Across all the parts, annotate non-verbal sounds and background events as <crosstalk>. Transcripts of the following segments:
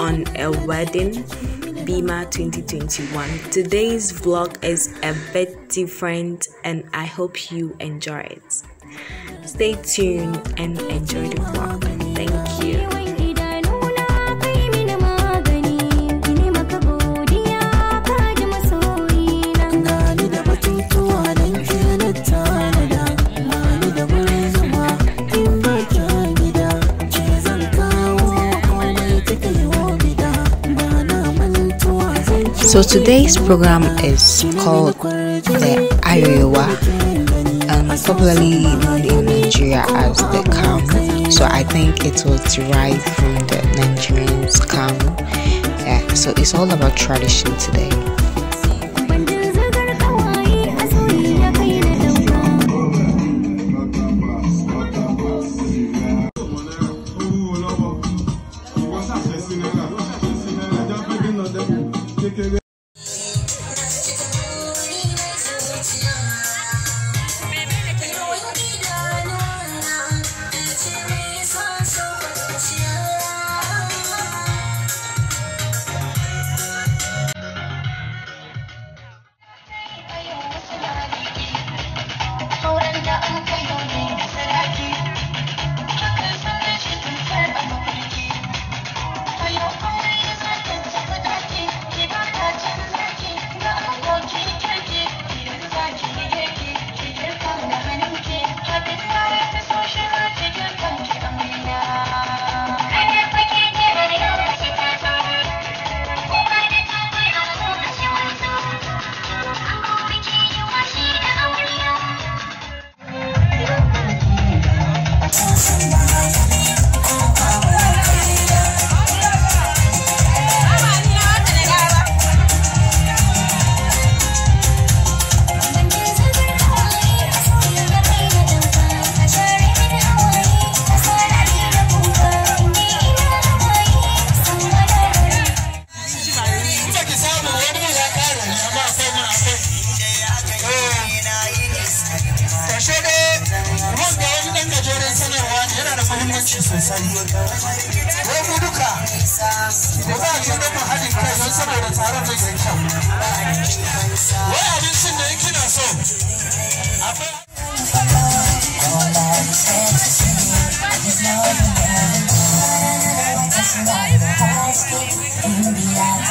on a wedding Bima 2021. Today's vlog is a bit different and I hope you enjoy it. Stay tuned and enjoy the vlog. Thank you. So today's program is called the Ayewa, and um, popularly known in Nigeria as the Kam. So I think it was derived from the Nigerians Kam. Yeah, so it's all about tradition today.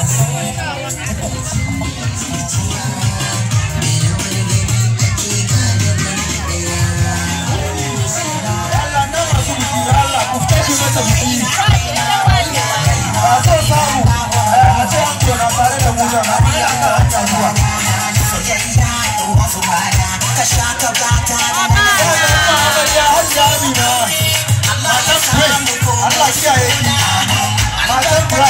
Allah kiyaye ki. Matan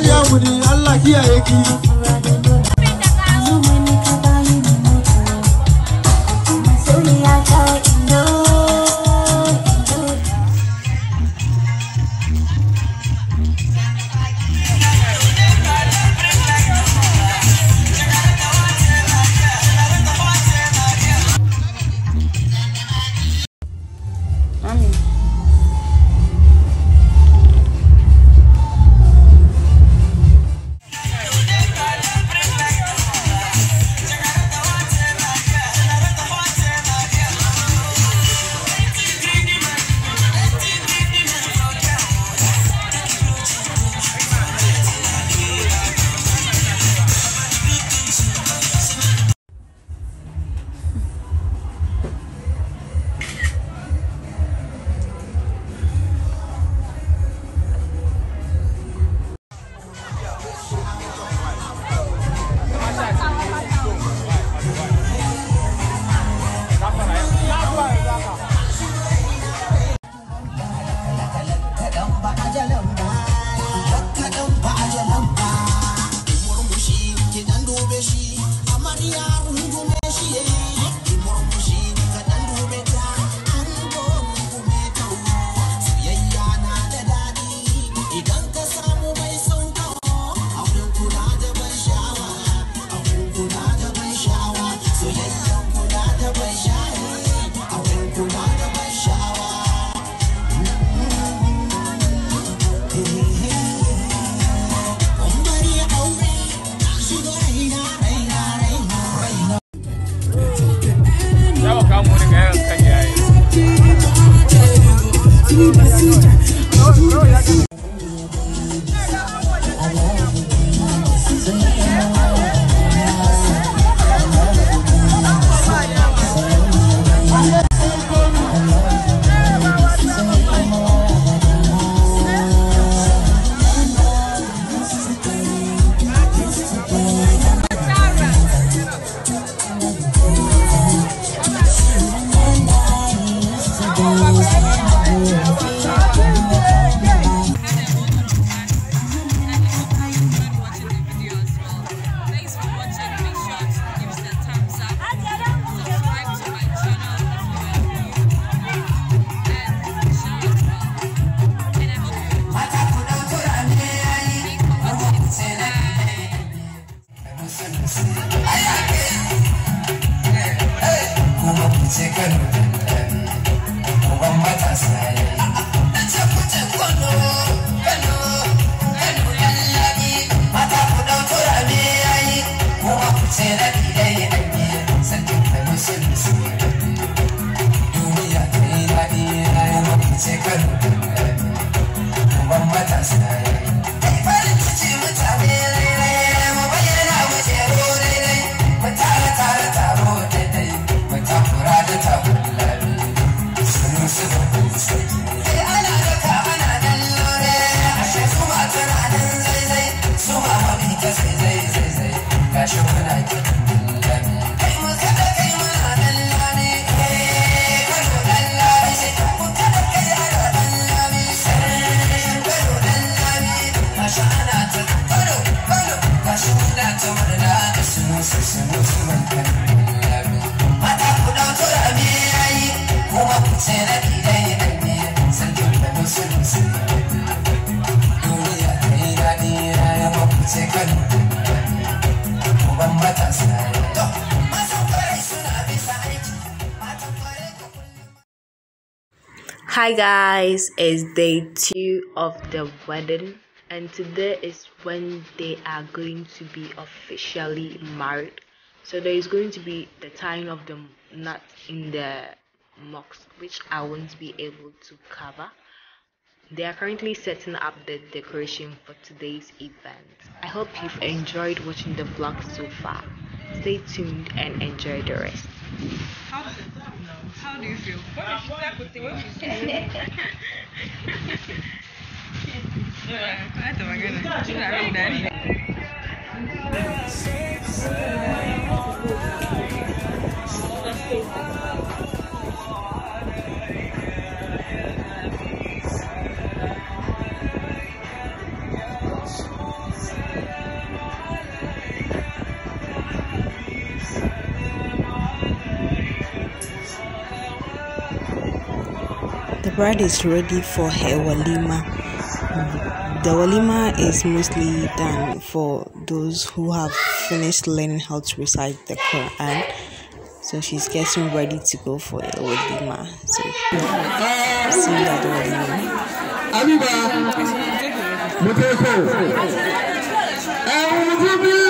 Mariya wuni Allah kiyaye ki. last night. Hi guys, it's day two of the wedding, and today is when they are going to be officially married. So there is going to be the tying of the knot in the mocks, which I won't be able to cover. They are currently setting up the decoration for today's event. I hope you've enjoyed watching the vlog so far. Stay tuned and enjoy the rest do you feel? What is <laughs> that with the way we Hata magana tuna roho ndani. bride is ready for her walima. The walima is mostly done for those who have finished learning how to recite the Quran. So she's getting ready to go for a walima. So see you at the walima. Abiba,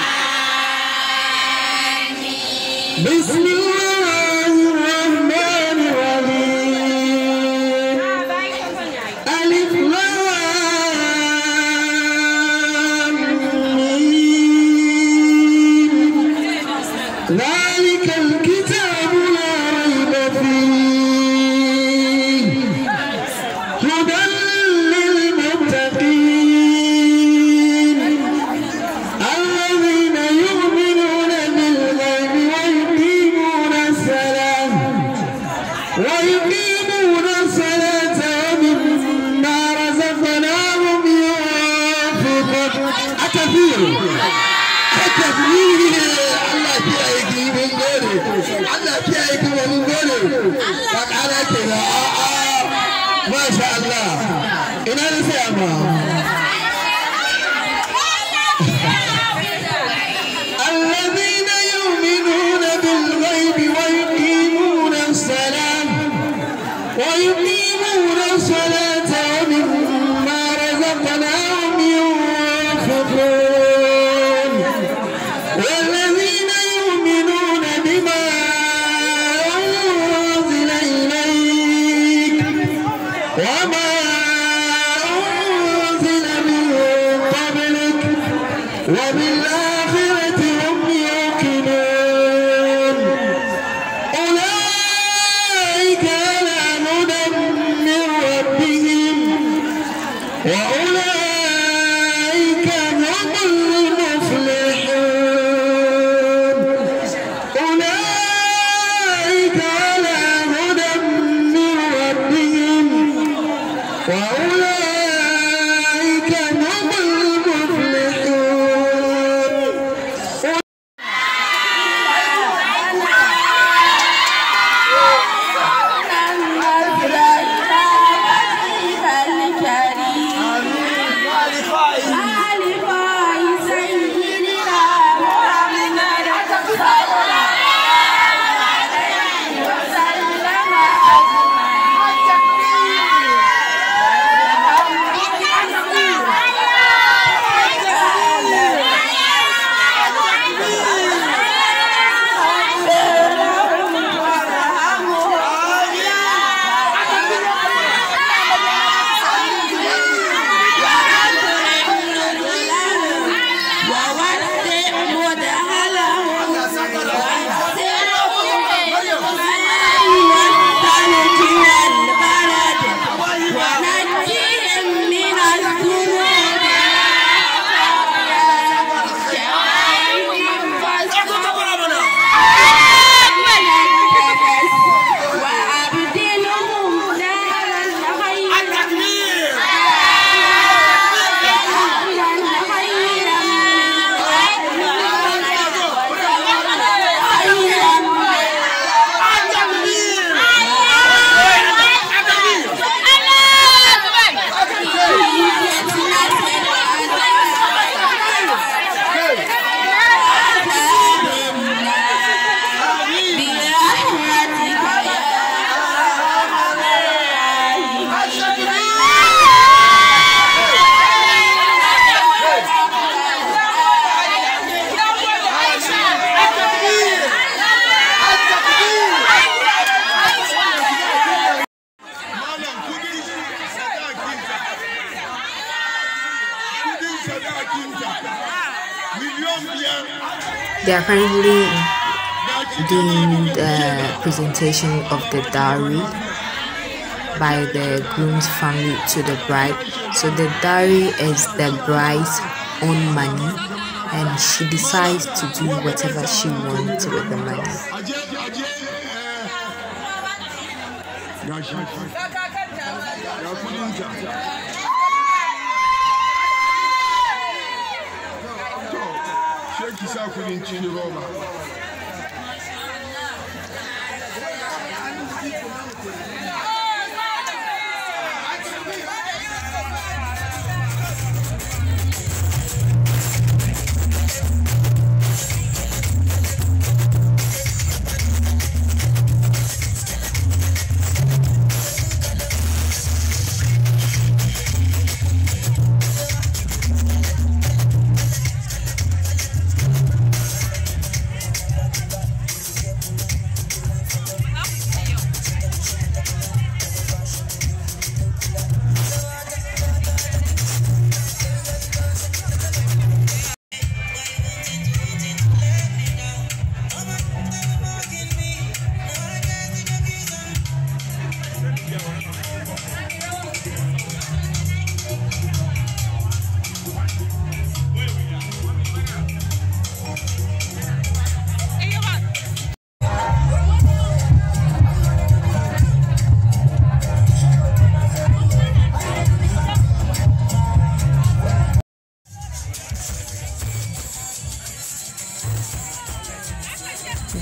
Help! Yeah. They are currently doing the presentation of the dowry by the groom's family to the bride. So the dowry is the bride's own money, and she decides to do whatever she wants with the money. kisa kudin cin Roma.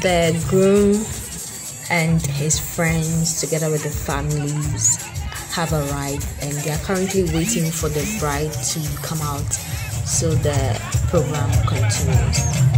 the groom and his friends, together with the families, have arrived and they are currently waiting for the bride to come out so the program continues.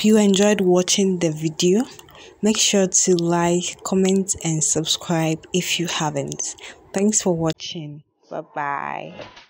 hope you enjoyed watching the video. Make sure to like, comment and subscribe if you haven't. Thanks for watching. Bye-bye.